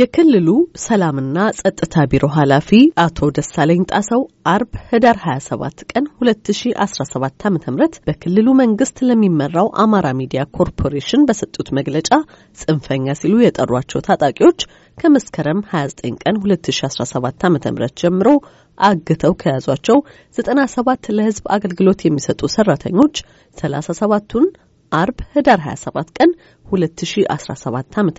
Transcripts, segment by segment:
የክልሉ ሰላምና ጸጥታ ቢሮ ኃላፊ አቶ ደሳለኝ ጣሰው አርብ ህዳር 27 ቀን 2017 ዓ ም በክልሉ መንግስት ለሚመራው አማራ ሚዲያ ኮርፖሬሽን በሰጡት መግለጫ ጽንፈኛ ሲሉ የጠሯቸው ታጣቂዎች ከመስከረም 29 ቀን 2017 ዓ ም ጀምሮ አግተው ከያዟቸው 97 ለህዝብ አገልግሎት የሚሰጡ ሰራተኞች 37ቱን አርብ ህዳር 27 ቀን 2017 ም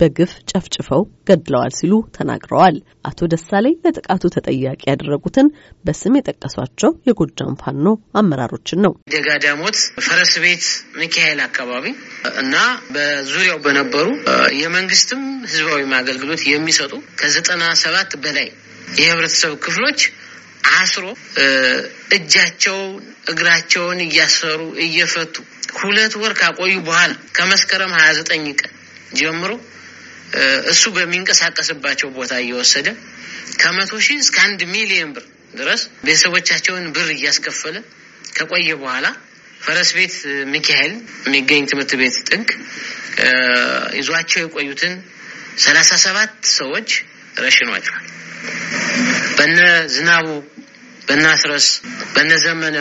በግፍ ጨፍጭፈው ገድለዋል ሲሉ ተናግረዋል። አቶ ደሳለኝ ለጥቃቱ ተጠያቂ ያደረጉትን በስም የጠቀሷቸው የጎጃም ፋኖ አመራሮችን ነው። ደጋዳሞት ፈረስ ቤት ሚካኤል አካባቢ እና በዙሪያው በነበሩ የመንግስትም ህዝባዊ አገልግሎት የሚሰጡ ከዘጠና ሰባት በላይ የህብረተሰብ ክፍሎች አስሮ እጃቸውን እግራቸውን እያሰሩ እየፈቱ ሁለት ወር ካቆዩ በኋላ ከመስከረም ሀያ ዘጠኝ ቀን ጀምሮ እሱ በሚንቀሳቀስባቸው ቦታ እየወሰደ ከመቶ ሺህ እስከ አንድ ሚሊዮን ብር ድረስ ቤተሰቦቻቸውን ብር እያስከፈለ ከቆየ በኋላ ፈረስ ቤት ሚካኤል የሚገኝ ትምህርት ቤት ጥግ ይዟቸው የቆዩትን ሰላሳ ሰባት ሰዎች ረሽኗቸዋል። በነ ዝናቡ፣ በነ አስረስ፣ በነ ዘመነ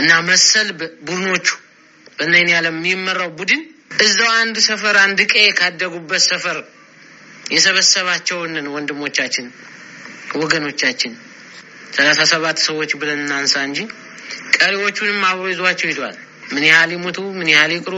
እና መሰል ቡድኖቹ በነ ያለም የሚመራው ቡድን እዛው አንድ ሰፈር አንድ ቀይ ካደጉበት ሰፈር የሰበሰባቸውንን ወንድሞቻችን ወገኖቻችን ሰላሳ ሰባት ሰዎች ብለን እናንሳ እንጂ ቀሪዎቹንም አብሮ ይዟቸው ይዟል። ምን ያህል ይሙቱ፣ ምን ያህል ይቅሩ፣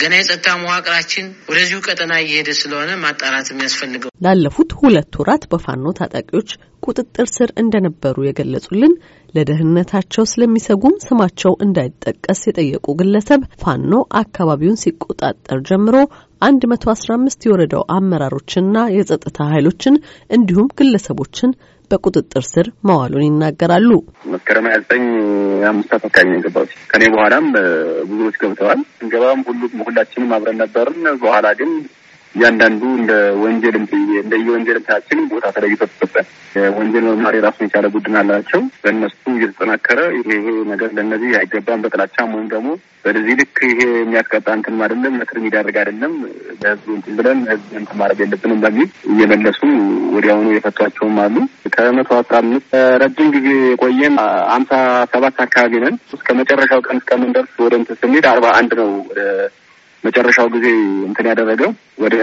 ገና የጸጥታ መዋቅራችን ወደዚሁ ቀጠና እየሄደ ስለሆነ ማጣራት የሚያስፈልገው። ላለፉት ሁለት ወራት በፋኖ ታጣቂዎች ቁጥጥር ስር እንደነበሩ የገለጹልን ለደህንነታቸው ስለሚሰጉም ስማቸው እንዳይጠቀስ የጠየቁ ግለሰብ ፋኖ አካባቢውን ሲቆጣጠር ጀምሮ 115 የወረዳው አመራሮችንና የጸጥታ ኃይሎችን እንዲሁም ግለሰቦችን በቁጥጥር ስር መዋሉን ይናገራሉ። መስከረም ሀያ ዘጠኝ አምስት አፈካኝ ገባ። ከኔ በኋላም ብዙዎች ገብተዋል። ገባም ሁሉ ሁላችንም አብረን ነበርን። በኋላ ግን እያንዳንዱ እንደ ወንጀል እንደ ታችን ቦታ ተለይቶ ተሰጠ። ወንጀል መማር የራሱን የቻለ ቡድን አላቸው። በእነሱ እየተጠናከረ ይሄ ነገር ለእነዚህ አይገባም በጥላቻም ወይም ደግሞ በዚህ ልክ ይሄ የሚያስቀጣ እንትንም አይደለም መትር የሚዳርግ አይደለም ለህዝቡ እንትን ብለን ህዝብ እንትን ማድረግ የለብንም በሚል እየመለሱ ወዲያውኑ የፈቷቸውም አሉ። ከመቶ አስራ አምስት ረጅም ጊዜ የቆየን አምሳ ሰባት አካባቢ ነን። እስከ መጨረሻው ቀን እስከምንደርስ ወደ እንትን ስንሄድ አርባ አንድ ነው መጨረሻው ጊዜ እንትን ያደረገው ወደ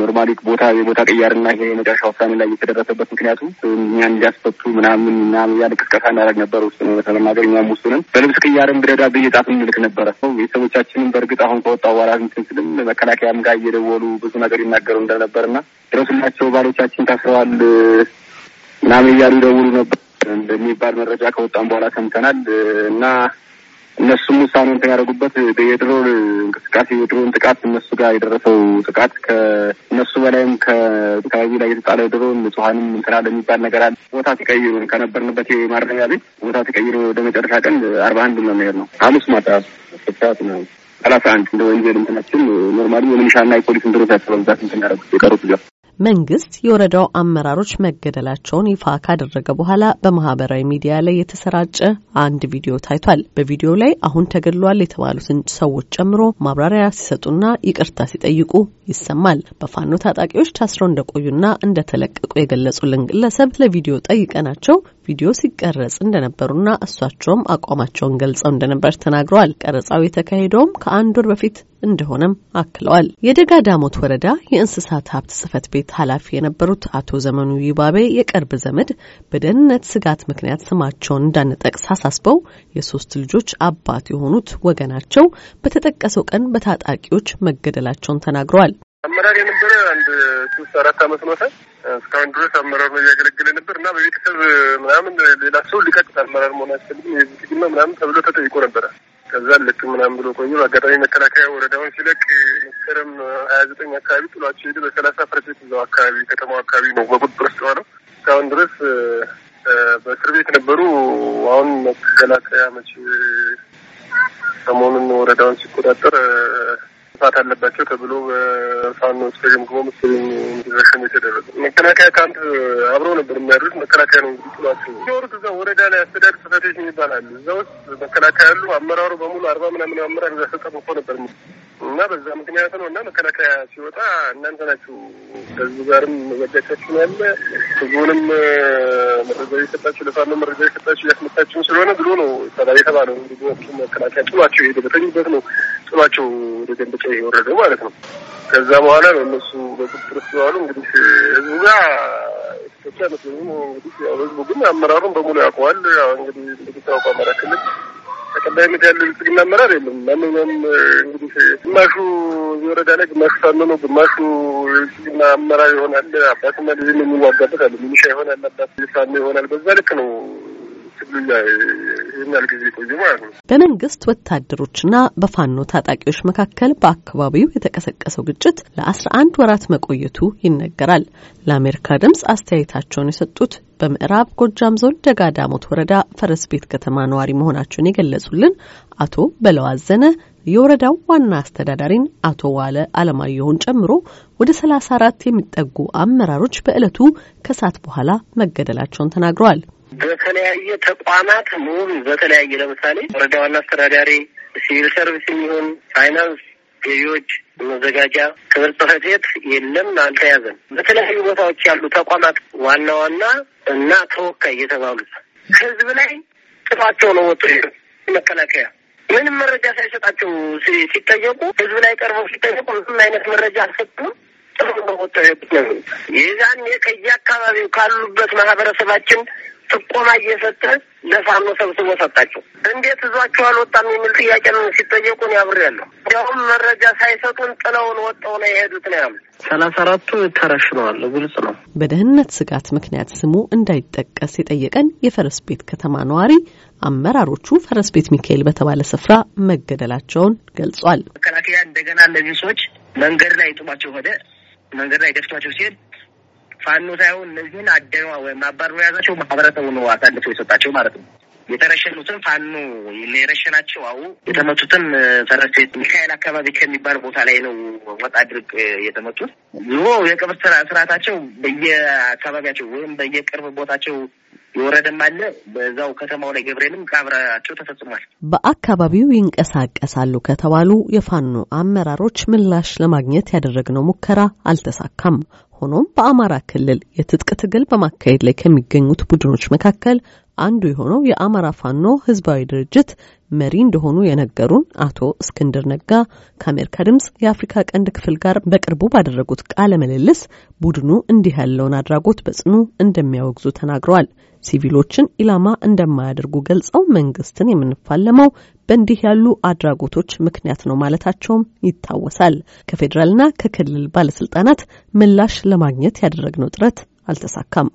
ኖርማሊ ቦታ የቦታ ቅያርና ይሄ መጨረሻ ውሳኔ ላይ የተደረሰበት ምክንያቱ እኛን እንዲያስፈቱ ምናምን ና ያለ ቅስቀሳ እናደርግ ነበር ውስጥ ነው ለመናገር እኛም በልብስ ቅያርም ብደዳ ብዬ ጣት እንልክ ነበረ። ቤተሰቦቻችንም በእርግጥ አሁን ከወጣ በኋላ እንትን ስልም መከላከያም ጋር እየደወሉ ብዙ ነገር ይናገሩ እንደነበር ና ድረሱላቸው ባሎቻችን ታስረዋል ምናምን እያሉ ይደውሉ ነበር እንደሚባል መረጃ ከወጣም በኋላ ሰምተናል እና እነሱም ውሳኔ እንትን ያደረጉበት የድሮን እንቅስቃሴ የድሮን ጥቃት እነሱ ጋር የደረሰው ጥቃት ከእነሱ በላይም ከአካባቢ ላይ የተጣለ ድሮን ንጹሀንም እንትና ለሚባል ነገር አለ። ቦታ ተቀይሮ ከነበርንበት የማረሚያ ቤት ቦታ ተቀይሮ ወደ መጨረሻ ቀን አርባ አንድ መሄድ ነው ሐሙስ ማታ ሰዓት ነው ሰላሳ አንድ እንደ ወንጀል እንትናችን ኖርማሊ የሚሊሻና የፖሊስ እንትኖች ያስበዛት እንትን ያደረጉት የቀሩት መንግስት የወረዳው አመራሮች መገደላቸውን ይፋ ካደረገ በኋላ በማህበራዊ ሚዲያ ላይ የተሰራጨ አንድ ቪዲዮ ታይቷል። በቪዲዮ ላይ አሁን ተገድሏል የተባሉትን ሰዎች ጨምሮ ማብራሪያ ሲሰጡና ይቅርታ ሲጠይቁ ይሰማል። በፋኖ ታጣቂዎች ታስረው እንደቆዩና እንደተለቀቁ የገለጹልን ግለሰብ ለቪዲዮ ጠይቀናቸው ቪዲዮ ሲቀረጽ እንደነበሩና እሷቸውም አቋማቸውን ገልጸው እንደነበር ተናግረዋል። ቀረጻው የተካሄደውም ከአንድ ወር በፊት እንደሆነም አክለዋል። የደጋ ዳሞት ወረዳ የእንስሳት ሀብት ጽህፈት ቤት ኃላፊ የነበሩት አቶ ዘመኑ ይባቤ የቅርብ ዘመድ በደህንነት ስጋት ምክንያት ስማቸውን እንዳንጠቅስ አሳስበው የሶስት ልጆች አባት የሆኑት ወገናቸው በተጠቀሰው ቀን በታጣቂዎች መገደላቸውን ተናግረዋል። አመራር የነበረ አንድ ሶስት አራት አመት ኖታል። እስካሁን ድረስ አመራር ነው እያገለገለ ነበር እና በቤተሰብ ምናምን ሌላ ሰው ሊቀጥል አመራር መሆን አይፈልግም የብልጽግና ምናምን ተብሎ ተጠይቆ ነበረ። ከዛ ልክ ምናምን ብሎ ቆዩ። አጋጣሚ መከላከያ ወረዳውን ሲለቅ መስከረም ሀያ ዘጠኝ አካባቢ ጥሏቸው ሄደ። በሰላሳ ፐርሴንት እዛው አካባቢ ከተማው አካባቢ ነው በቁጥጥር ውስጥ ነው። እስካሁን ድረስ በእስር ቤት ነበሩ። አሁን መከላከያ መቼ ሰሞኑን ወረዳውን ሲቆጣጠር መጥፋት አለባቸው ተብሎ በፋኖ ውስጥ ተገምግሞ ምስል እንዲረሸም የተደረገ መከላከያ ካምፕ አብረው ነበር የሚያደሩት። መከላከያ ነው ጥሏቸው ሲወሩት እዛ ወረዳ ላይ አስተዳደር ጽሕፈት ቤት የሚባል አለ። እዛ ውስጥ መከላከያ ያሉ አመራሩ በሙሉ አርባ ምናምን አመራር እዛ ተጠብቆ ነበር እና በዛ ምክንያት ነው እና መከላከያ ሲወጣ እናንተ ናችሁ ከዚህ ጋርም መዘጋቻችሁ ያለ ህዝቡንም መረጃ የሰጣችሁ ለፋኖ መረጃ የሰጣችሁ እያስመታችሁም ስለሆነ ብሎ ነው የተባለው። እንግዲህ መከላከያ ጥሏቸው የሄደ በተኙበት ነው ጥሏቸው ወደ ደንበጫ የወረደው ማለት ነው። ከዛ በኋላ ነው እነሱ በቁጥጥር ስለዋሉ እንግዲህ ህዝቡ ጋር ኢትዮጵያ መስለኝ እንግዲህ ህዝቡ ግን አመራሩን በሙሉ ያውቀዋል። እንግዲህ እንደሚታወቀ አማራ ክልል ተቀባይነት ያለ ብልጽግና አመራር የለም። ማንኛውም እንግዲህ ግማሹ የወረዳ ላይ ግማሹ ፋኖ ነው፣ ግማሹ የብልጽግና አመራር ይሆናል። አባትና ልጅ የሚዋጋበት አለ። ሚሊሻ ይሆናል፣ አባት ፋኖ ይሆናል። በዛ ልክ ነው ጊዜ ቆዩ ማለት ነው። በመንግስት ወታደሮችና በፋኖ ታጣቂዎች መካከል በአካባቢው የተቀሰቀሰው ግጭት ለአስራ አንድ ወራት መቆየቱ ይነገራል። ለአሜሪካ ድምጽ አስተያየታቸውን የሰጡት በምዕራብ ጎጃም ዞን ደጋ ዳሞት ወረዳ ፈረስ ቤት ከተማ ነዋሪ መሆናቸውን የገለጹልን አቶ በለዋዘነ የወረዳው ዋና አስተዳዳሪን አቶ ዋለ አለማየሁን ጨምሮ ወደ 34 የሚጠጉ አመራሮች በዕለቱ ከሰዓት በኋላ መገደላቸውን ተናግረዋል። በተለያየ ተቋማት ምሁር በተለያየ ለምሳሌ ወረዳ ዋና አስተዳዳሪ፣ ሲቪል ሰርቪስ የሚሆን ፋይናንስ፣ ገቢዎች፣ መዘጋጃ፣ ክብር ጽሕፈት ቤት የለም አልተያዘም። በተለያዩ ቦታዎች ያሉ ተቋማት ዋና ዋና እና ተወካይ የተባሉት ህዝብ ላይ ጥፋቸው ነው ወጡ መከላከያ ምንም መረጃ ሳይሰጣቸው ሲጠየቁ ህዝብ ላይ ቀርበው ሲጠየቁ ምንም አይነት መረጃ አልሰጡም። ጥሩ ነው ወጥተው የዛን ከየአካባቢው ካሉበት ማህበረሰባችን ጥቆማ እየሰጠ ለፋኖ ሰብስቦ ሰጣቸው። እንዴት እዟቸው አልወጣም የሚል ጥያቄ ነው ሲጠየቁን ያብር ያለሁ እንዲያውም መረጃ ሳይሰጡን ጥለውን ወጠው ነው የሄዱት ነው ያሉት። ሰላሳ አራቱ ተረሽነዋል፣ ግልጽ ነው። በደህንነት ስጋት ምክንያት ስሙ እንዳይጠቀስ የጠየቀን የፈረስ ቤት ከተማ ነዋሪ አመራሮቹ ፈረስ ቤት ሚካኤል በተባለ ስፍራ መገደላቸውን ገልጿል። መከላከያ እንደገና እነዚህ ሰዎች መንገድ ላይ ጥሏቸው ሄደ። መንገድ ላይ ደፍቷቸው ሲሄድ ፋኖ ሳይሆን እነዚህን አደኗ ወይም አባሮ የያዛቸው ማህበረሰቡ ነው አሳልፎ የሰጣቸው ማለት ነው። የተረሸኑትን ፋኖ የረሸናቸው አው የተመቱትም ፈረስ ሚካኤል አካባቢ ከሚባል ቦታ ላይ ነው ወጣ ድርቅ የተመቱት። ዞሮ የቀብር ስርዓታቸው በየአካባቢያቸው ወይም በየቅርብ ቦታቸው የወረደም አለ። በዛው ከተማው ላይ ገብርኤልም ቀብራቸው ተፈጽሟል። በአካባቢው ይንቀሳቀሳሉ ከተባሉ የፋኖ አመራሮች ምላሽ ለማግኘት ያደረግነው ሙከራ አልተሳካም። ሆኖም በአማራ ክልል የትጥቅ ትግል በማካሄድ ላይ ከሚገኙት ቡድኖች መካከል አንዱ የሆነው የአማራ ፋኖ ህዝባዊ ድርጅት መሪ እንደሆኑ የነገሩን አቶ እስክንድር ነጋ ከአሜሪካ ድምጽ የአፍሪካ ቀንድ ክፍል ጋር በቅርቡ ባደረጉት ቃለ ምልልስ ቡድኑ እንዲህ ያለውን አድራጎት በጽኑ እንደሚያወግዙ ተናግረዋል። ሲቪሎችን ኢላማ እንደማያደርጉ ገልጸው መንግስትን የምንፋለመው በእንዲህ ያሉ አድራጎቶች ምክንያት ነው ማለታቸውም ይታወሳል። ከፌዴራልና ከክልል ባለስልጣናት ምላሽ ለማግኘት ያደረግነው ጥረት አልተሳካም።